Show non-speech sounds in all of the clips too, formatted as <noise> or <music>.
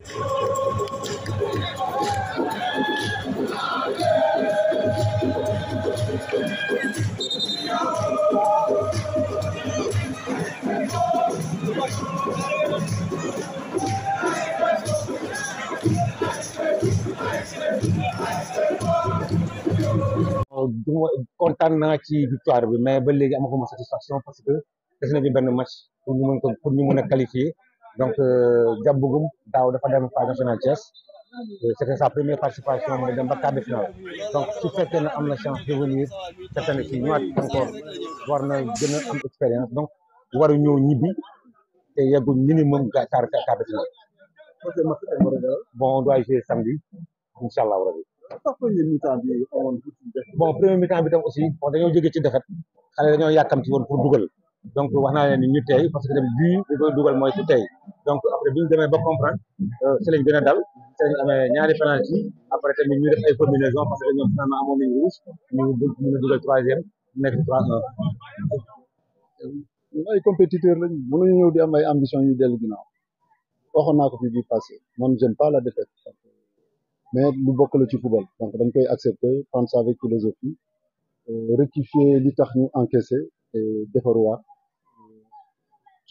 kontaan naa ci victoire bi mais ba léegi amaguma satisfaction parce que des na benn match pour ñu mën ko ñu mën a qualifier donc euh, Diam Bougum daaw dafa dem phase nationale Thiès euh, c' était sa première participation mu dem ba quart de finale donc su fekkee ne am na chance de venir cette année ci ñëwaat encore war na gën am expérience donc waru ñëw ñibbi te yeggul minimum quart quart de finale bon on doit jouer samedi incha allah rabi. bon premier mi-temps bi tam aussi bon dañoo jóge ci défaite xale dañoo yàkkamti woon pour dugal donc wax naa leen ni ñu tey parce que dem bii dugal mooy su tey. donc après bi ñu demee ba comprendre si euh, lañ gën dal si lañ amee ñaari penalty après tamit ñu def ay combinaison parce que ñoom finalement amoon ñu mën a dugal troisième lañ mënuñu ñëw di am ay ambition yu dellu ginnaaw waxoon naa ko fi bi passé man j'aime pas la défaite mais lu bokk la ci football donc dañ koy accepter prendre ça avec philosophie euh, rectifier li tax ñu encaisser et defaruwaat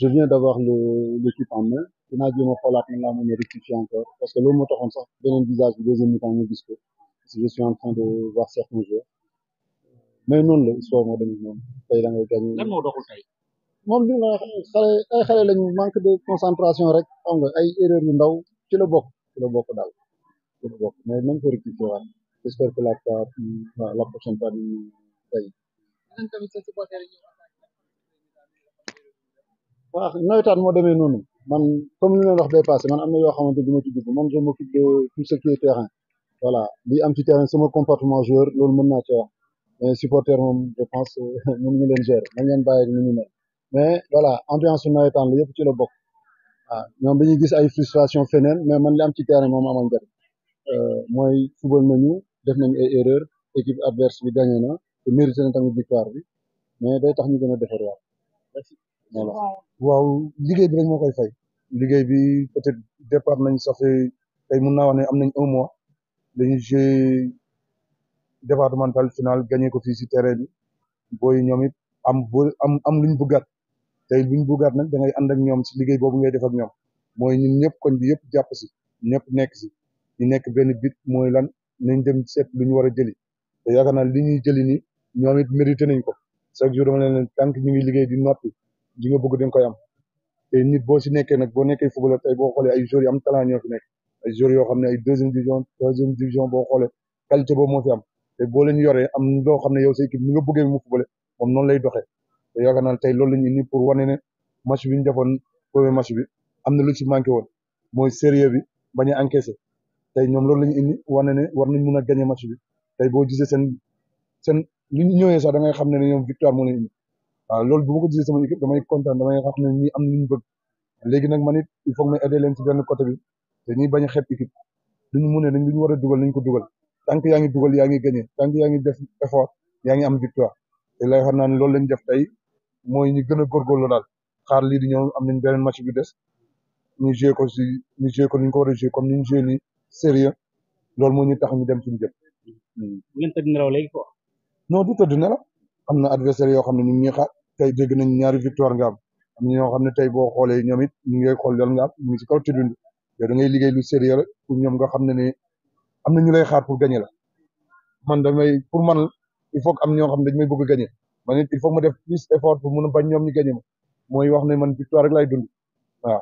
je viens d'avoir le l'équipe en main dinaa jéem a xoolaat man laa mën a rectifier encore parce que loolu moo sax beneen visage bi deuxième mi-temps ñu gis ko parce je suis en train de voir certains joueurs mais noonu la histoire moo demee noonu tey da ngay gagné. manque de concentration rek xam nga ay erreur yu ndaw ci la bokk ci la bokk daal mais nañ ko rectifier waat j'espère que la prochaine fois dañuy tey. waaw nawetaan moo demee noonu man comme li leen wax bay passé man am na yoo xamante du ma ci dugg man je m'occupe de tout ce qui est li am ci terrain sama comportement joueur loolu mën naa ci wax mais supporter moom je pense <laughs> mën ñu leen gérer nañ leen bàyyi ak ni ñu mel mais voilà yëpp ci la bokk waaw ñoom dañuy gis ay frustration feneen mais man am ci terrain moom amal njëriñ euh, mooy football nañu def nañu ay erreur équipe adverse bi gagné na te mérité na tamit victoire bi mais day tax ñu gën a defar waat voilà waaw liggéey bi rek moo koy fay liggéey bi peut-être départ nañ sax naa ne am nañ un mois dañu joué départemental final gagné ko fii si terrain bi booy ñoom it am am am luñ bëggaat tey luñ bëggaat nag da ngay ànd ak ñoom si liggéey boobu ngay def ñoom mooy ñëpp koñ bi yëpp jàpp si ñëpp nekk si ñu nekk benn bit mooy lan nañ dem set lu ñu war a jëli te yaakaar naa li ñuy nañ ko chaque jour dama leen tant ñu liggéey di noppi li nga bëgg di nga koy am te nit boo si nekkee nag boo nekkee footballeur tey boo xoolee ay joueurs am talent ñoo fi nekk ay joueurs yoo xam ne ay deuxième division troisième division loo xam ne yow sa équipe ni nga bëggee mu footballé moom noonu lay doxee te yaakaar naa tey loolu la ñu indi pour bi ñu defoon premier match bi am na lu ci manqué woon mooy sérieux bi bañ a encaissé tey ñoom loolu la ñu indi ne war nañ mun a gagné match bi tey boo gisee seen seen li ñu ñëwee sax da xam ne ne ñoom victoire moo leen indi waaw loolu bu ma ko gisee sama équipe damay kontaan damay xam ne nii am na lu ñu bëgg léegi nag man it il faut que ma aider leen ci benn côté bi te ñuy bañ a xeeb équipe lu ñu mënee nañ lu ñu war a dugal nañ ko dugal tant que yaa ngi dugal yaa ngi gagné tant que yaa ngi def effort yaa ngi am victoire te lay xam naa ne loolu lañ def tey mooy ñu gën a góorgóorlu daal xaar lii di ñëw am nañ beneen match bi des ñu joué ko si ñu joué ko ni ñu ko war a joué comme ni ñu joué nii sérieux loolu moo ñu tax ñu dem suñu jëm. ngeen tëdd nelaw léegi quoi. non du tëdd nelaw am na adversaire yoo xam ne ñu ngi ñuy xaar tey dégg nañ ñaari victoire nga am am xam ne tey boo xoolee ñoom it ñu ngi xool yoon nga am ñu ngi si kaw ci dund yow da ngay liggéey lu sérieux rek pour ñoom nga xam ne ni am na ñu lay xaar pour gagner la man damay pour man il faut am ñoo xam ne dañ may bëgg a gagner man it il faut ma def plus effort pour mun a bañ ñoom ñu gagner mooy wax ne man victoire rek lay dund waaw.